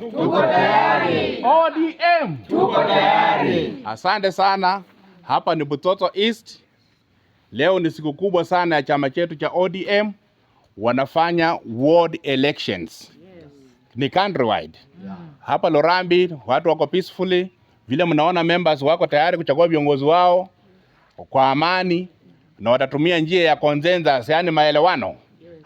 tuko tayari. ODM tuko tayari. Asante sana. Hapa ni Butoto East. Leo ni siku kubwa sana ya chama chetu cha ODM, wanafanya ward elections Ni countrywide yeah. Hapa Lorambi watu wako peacefully, vile mnaona members wako tayari kuchagua viongozi wao kwa amani na watatumia njia ya consensus, yani maelewano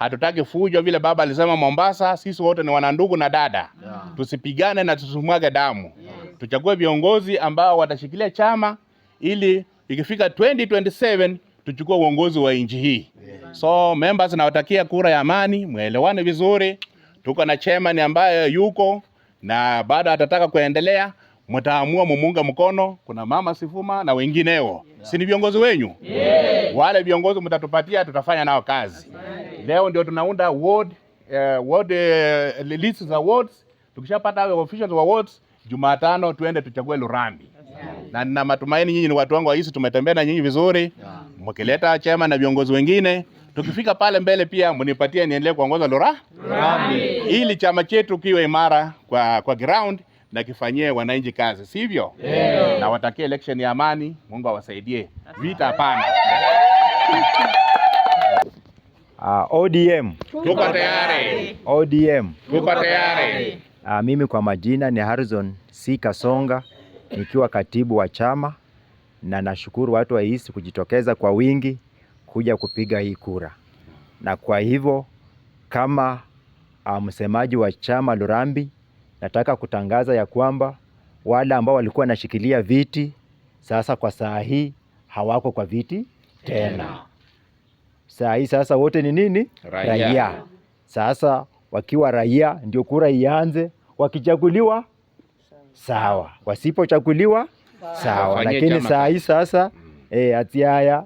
hatutaki fujo vile baba alisema Mombasa, sisi wote ni wanandugu na dada yeah. Tusipigane na tusimwage damu yes. Tuchague viongozi ambao watashikilia chama ili ikifika 2027 tuchukue uongozi wa nchi hii yeah. So members, nawatakia kura ya amani, mwelewane vizuri. Tuko na chairman ambaye yuko na bado atataka kuendelea mtaamua mumunga mkono. Kuna mama Sifuma na wengineo, yeah. si ni viongozi wenyu? yeah. wale viongozi mtatupatia, tutafanya nao kazi. yeah. Leo ndio tunaunda ward, uh, ward, uh, list za wards. Tukishapata hao officials wa wards, Jumatano tuende tuchague Lurambi. yeah. na nina matumaini nyinyi ni watu wangu wa hisi, tumetembea na nyinyi vizuri. yeah. mkileta chama na viongozi wengine tukifika pale mbele pia mnipatie niendelee kuongoza Lora, ili chama chetu kiwe imara kwa, kwa ground na kifanyie wananchi kazi, sivyo? Yeah. Na watakie election ya amani, Mungu awasaidie. Vita hapana. Uh, ah, ODM tuko tayari. ODM tuko tayari. Uh, mimi kwa majina ni Harrison C Kasonga nikiwa katibu wa chama, na nashukuru watu wahisi kujitokeza kwa wingi kuja kupiga hii kura, na kwa hivyo kama msemaji ah, msemaji wa chama Lurambi nataka kutangaza ya kwamba wale ambao walikuwa wanashikilia viti sasa kwa saa hii hawako kwa viti tena. Saa hii sasa wote ni nini? Raia, raia. Sasa wakiwa raia ndio kura ianze, wakichaguliwa sawa, wasipochaguliwa sawa. Lakini saa hii sasa e, ati haya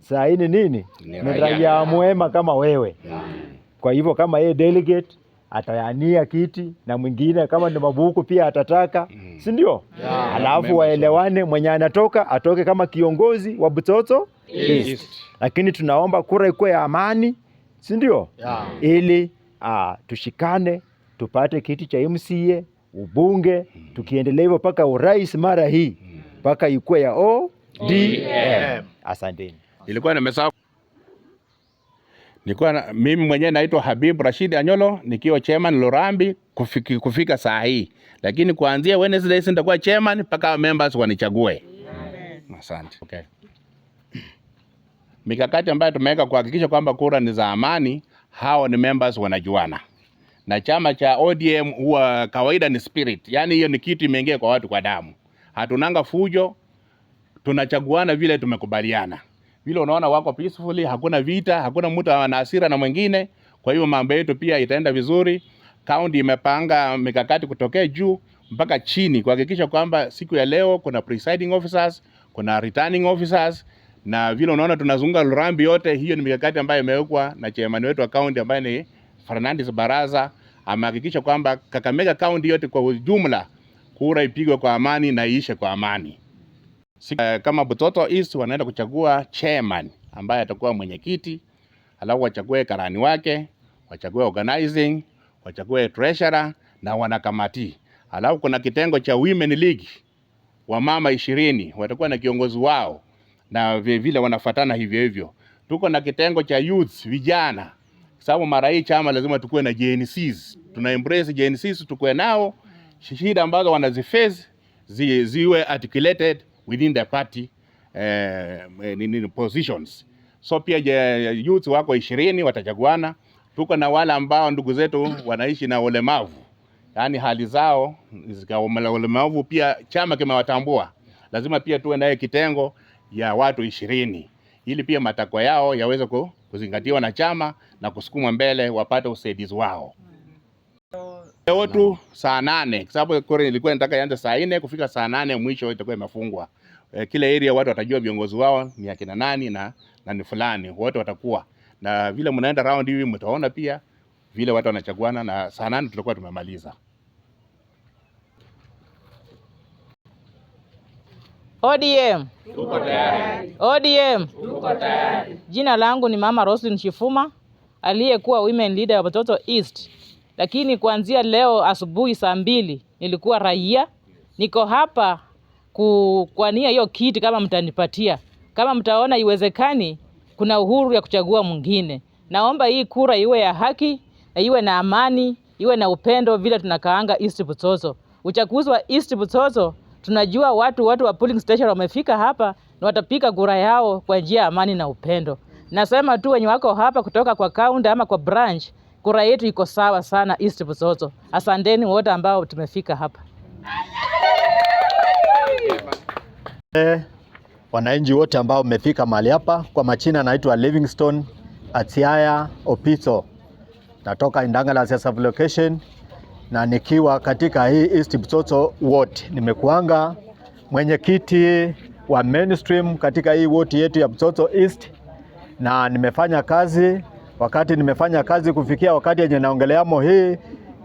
saa hii ni nini? Ni raia mwema kama wewe. Mm. Kwa hivyo kama yeye delegate atayania kiti na mwingine kama ni mabuku pia atataka mm. si ndio? yeah. Alafu waelewane, mwenye anatoka atoke kama kiongozi wa Butsoso East. East. Lakini tunaomba kura ikuwe ya amani, si ndio? yeah. ili uh, tushikane tupate kiti cha MCA ubunge, mm. tukiendelea hivyo mpaka urais mara hii mm. mpaka ikuwe ya ODM. Asanteni, ilikuwa nimesahau. Nilikuwa mimi mwenyewe naitwa Habib Rashid Anyolo nikiwa chairman Lorambi kufiki, kufika saa hii, lakini kuanzia Wednesday nitakuwa chairman mpaka members wanichague. Asante. Okay. Mikakati ambayo tumeweka kuhakikisha kwamba kura ni za amani, hao ni members wanajuana na chama cha ODM huwa kawaida ni spirit, yaani hiyo ni kitu imeingia kwa watu kwa damu. Hatunanga fujo, tunachaguana vile tumekubaliana vile unaona wako peacefully, hakuna vita, hakuna mtu ana hasira na mwingine. Kwa hiyo mambo yetu pia itaenda vizuri. Kaunti imepanga mikakati kutokea juu mpaka chini kuhakikisha kwamba siku ya leo kuna presiding officers, kuna returning officers na vile unaona tunazunguka Lurambi yote. Hiyo ni mikakati ambayo imewekwa na chairman wetu wa kaunti ambaye ni Fernandez Baraza, amehakikisha kwamba Kakamega kaunti yote kwa ujumla kura ipigwe kwa amani na iishe kwa amani. Sika, eh, kama Butoto East wanaenda kuchagua chairman ambaye atakuwa mwenyekiti, alafu wachague karani wake, wachague organizing, wachague treasurer na wanakamati. Alafu kuna kitengo cha women league wa mama ishirini watakuwa na kiongozi wao na vilevile wanafatana hivyo hivyo. Tuko na kitengo cha youth vijana, sababu mara hii chama lazima tukue na JNCs, tuna embrace JNCs, tukue nao shida ambazo wanaziface zi, ziwe articulated within the party uh, positions. So pia youth wako ishirini watachaguana. Tuko na wale ambao ndugu zetu wanaishi na ulemavu, yaani hali zao zika ulemavu, pia chama kimewatambua, lazima pia tuwe naye kitengo ya watu ishirini ili pia matakwa yao yaweze kuzingatiwa na chama na kusukumwa mbele, wapate usaidizi wao wetu saa nane kwa sababu ilikuwa inataka ianze saa nne kufika saa nane mwisho itakuwa imefungwa eh, kila area watu watajua viongozi wao ni akina nani na na ni fulani, wote watakuwa na vile. Mnaenda round hivi, mtaona pia vile watu wanachaguana, na saa nane tutakuwa tumemaliza. ODM tuko tayari. ODM tuko tayari. Jina langu ni Mama Roslyn Shifuma aliyekuwa women leader ya Watoto East, lakini kuanzia leo asubuhi saa mbili nilikuwa raia, niko hapa kuwania hiyo kiti kama mtanipatia. Kama mtaona iwezekani, kuna uhuru ya kuchagua mwingine. Naomba hii kura iwe ya haki, na iwe na amani, iwe na upendo, vile tunakaanga East Butozo. Uchaguzi wa East Butozo tunajua watu watu wa polling station wamefika hapa na watapiga kura yao kwa njia ya amani na upendo. Nasema tu wenye wako hapa kutoka kwa kaunti ama kwa branch, kura yetu iko sawa sana East Butozo. Asanteni wote ambao tumefika hapa. Wananchi wote ambao mmefika mahali hapa, kwa majina naitwa Livingstone Atiaya Opito, natoka Indangala Siasa location na nikiwa katika hii East Butsoso ward. Nimekuanga mwenyekiti wa mainstream katika hii ward yetu ya Butsoso East, na nimefanya kazi wakati nimefanya kazi kufikia wakati yenye naongeleamo hii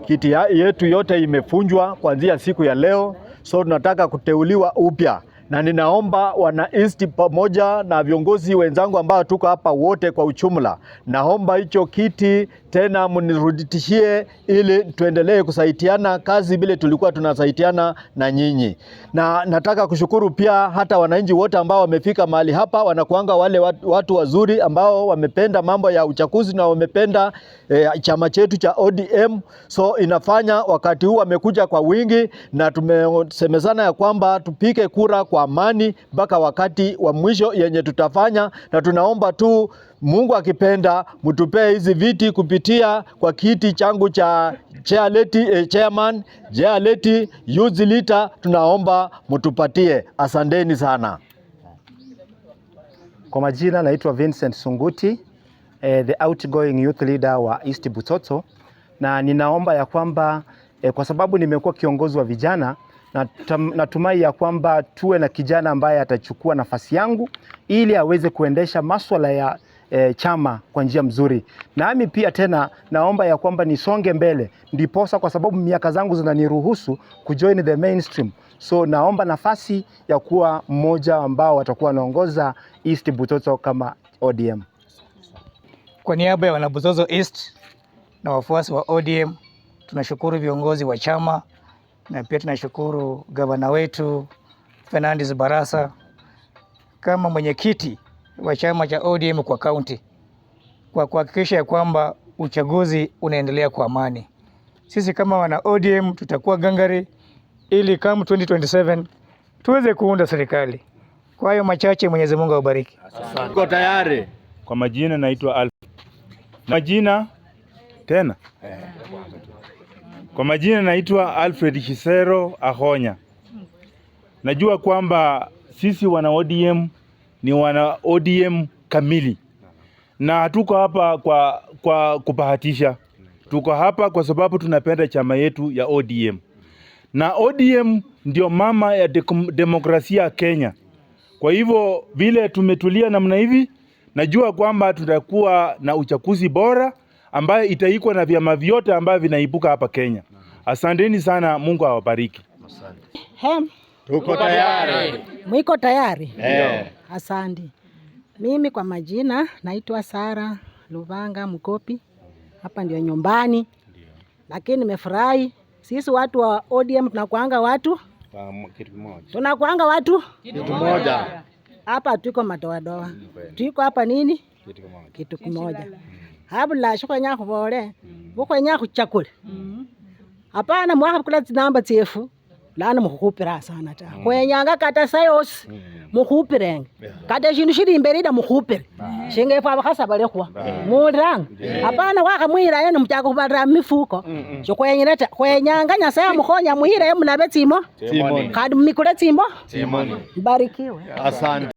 kiti yetu yote imefunjwa kuanzia siku ya leo, so tunataka kuteuliwa upya na ninaomba wana East pamoja na viongozi wenzangu ambao tuko hapa wote kwa uchumla, naomba hicho kiti tena mnirudishie, ili tuendelee kusaidiana kazi vile tulikuwa tunasaidiana na nyinyi. Na nataka kushukuru pia hata wananchi wote ambao wamefika mahali hapa, wanakuanga wale watu wazuri ambao wamependa mambo ya uchaguzi na wamependa e, chama chetu cha ODM, so inafanya wakati huu wamekuja kwa wingi, na tumesemezana ya kwamba tupike kura kwa amani mpaka wakati wa mwisho yenye tutafanya, na tunaomba tu Mungu akipenda mtupee hizi viti kupitia kwa kiti changu cha chairleti, eh, chairman chairleti youth leader, tunaomba mtupatie. Asanteni sana. Kwa majina naitwa Vincent Sunguti, eh, the outgoing youth leader wa East Butoto, na ninaomba ya kwamba eh, kwa sababu nimekuwa kiongozi wa vijana Natumai ya kwamba tuwe na kijana ambaye atachukua nafasi yangu ili aweze kuendesha maswala ya e, chama kwa njia mzuri. Nami pia tena naomba ya kwamba nisonge mbele, ndiposa kwa sababu miaka zangu zinaniruhusu kujoin the mainstream. So naomba nafasi ya kuwa mmoja ambao watakuwa wanaongoza East Butoto kama ODM. Kwa niaba ya wanabutoto East na wafuasi wa ODM tunashukuru viongozi wa chama na pia tunashukuru gavana wetu Fernandes Barasa kama mwenyekiti wa chama cha ODM kwa kaunti kwa kuhakikisha ya kwamba uchaguzi unaendelea kwa amani. Sisi kama wana ODM tutakuwa gangari ili kama 2027 tuweze kuunda serikali. Kwa hayo machache, Mwenyezi Mungu awabariki. Tuko tayari. Kwa majina naitwa Alf. Majina tena eh. Kwa majina naitwa Alfred Shisero Ahonya. Najua kwamba sisi wana ODM ni wana ODM kamili, na hatuko hapa kwa, kwa kubahatisha. Tuko hapa kwa sababu tunapenda chama yetu ya ODM, na ODM ndio mama ya demokrasia Kenya. Kwa hivyo vile tumetulia namna hivi, najua kwamba tutakuwa na uchaguzi bora ambayo itaikwa na vyama vyote ambavyo vinaibuka hapa Kenya. Asanteni sana, Mungu awabariki. Tuko tayari, mwiko tayari? Yeah. Asante. Mimi kwa majina naitwa Sara Luvanga Mkopi, hapa ndio nyumbani, lakini nimefurahi. Sisi watu wa ODM tunakuanga watu tunakuanga watu kitu kimoja hapa, tuko madoadoa, tuko hapa nini, kitu kimoja habula shikwenya khuvole vukwenya mm. khuchakule mm. apana mwakhavukula tsinamba tsyefu lano mukhukhupira sana ta mm. khwenyanga kata sayosi mukhupirenge kata shindu shili imberi ila mukhupire shinga efwe abakhasa balekhwa muliranga hapana wakhamwilayo nimuchaka khubalira mumifuko shikhwenyire ta khwenyanga nyasaye amukhonya muhileyo munabe tsimo khandi mumikule tsimo mbarikiwe asante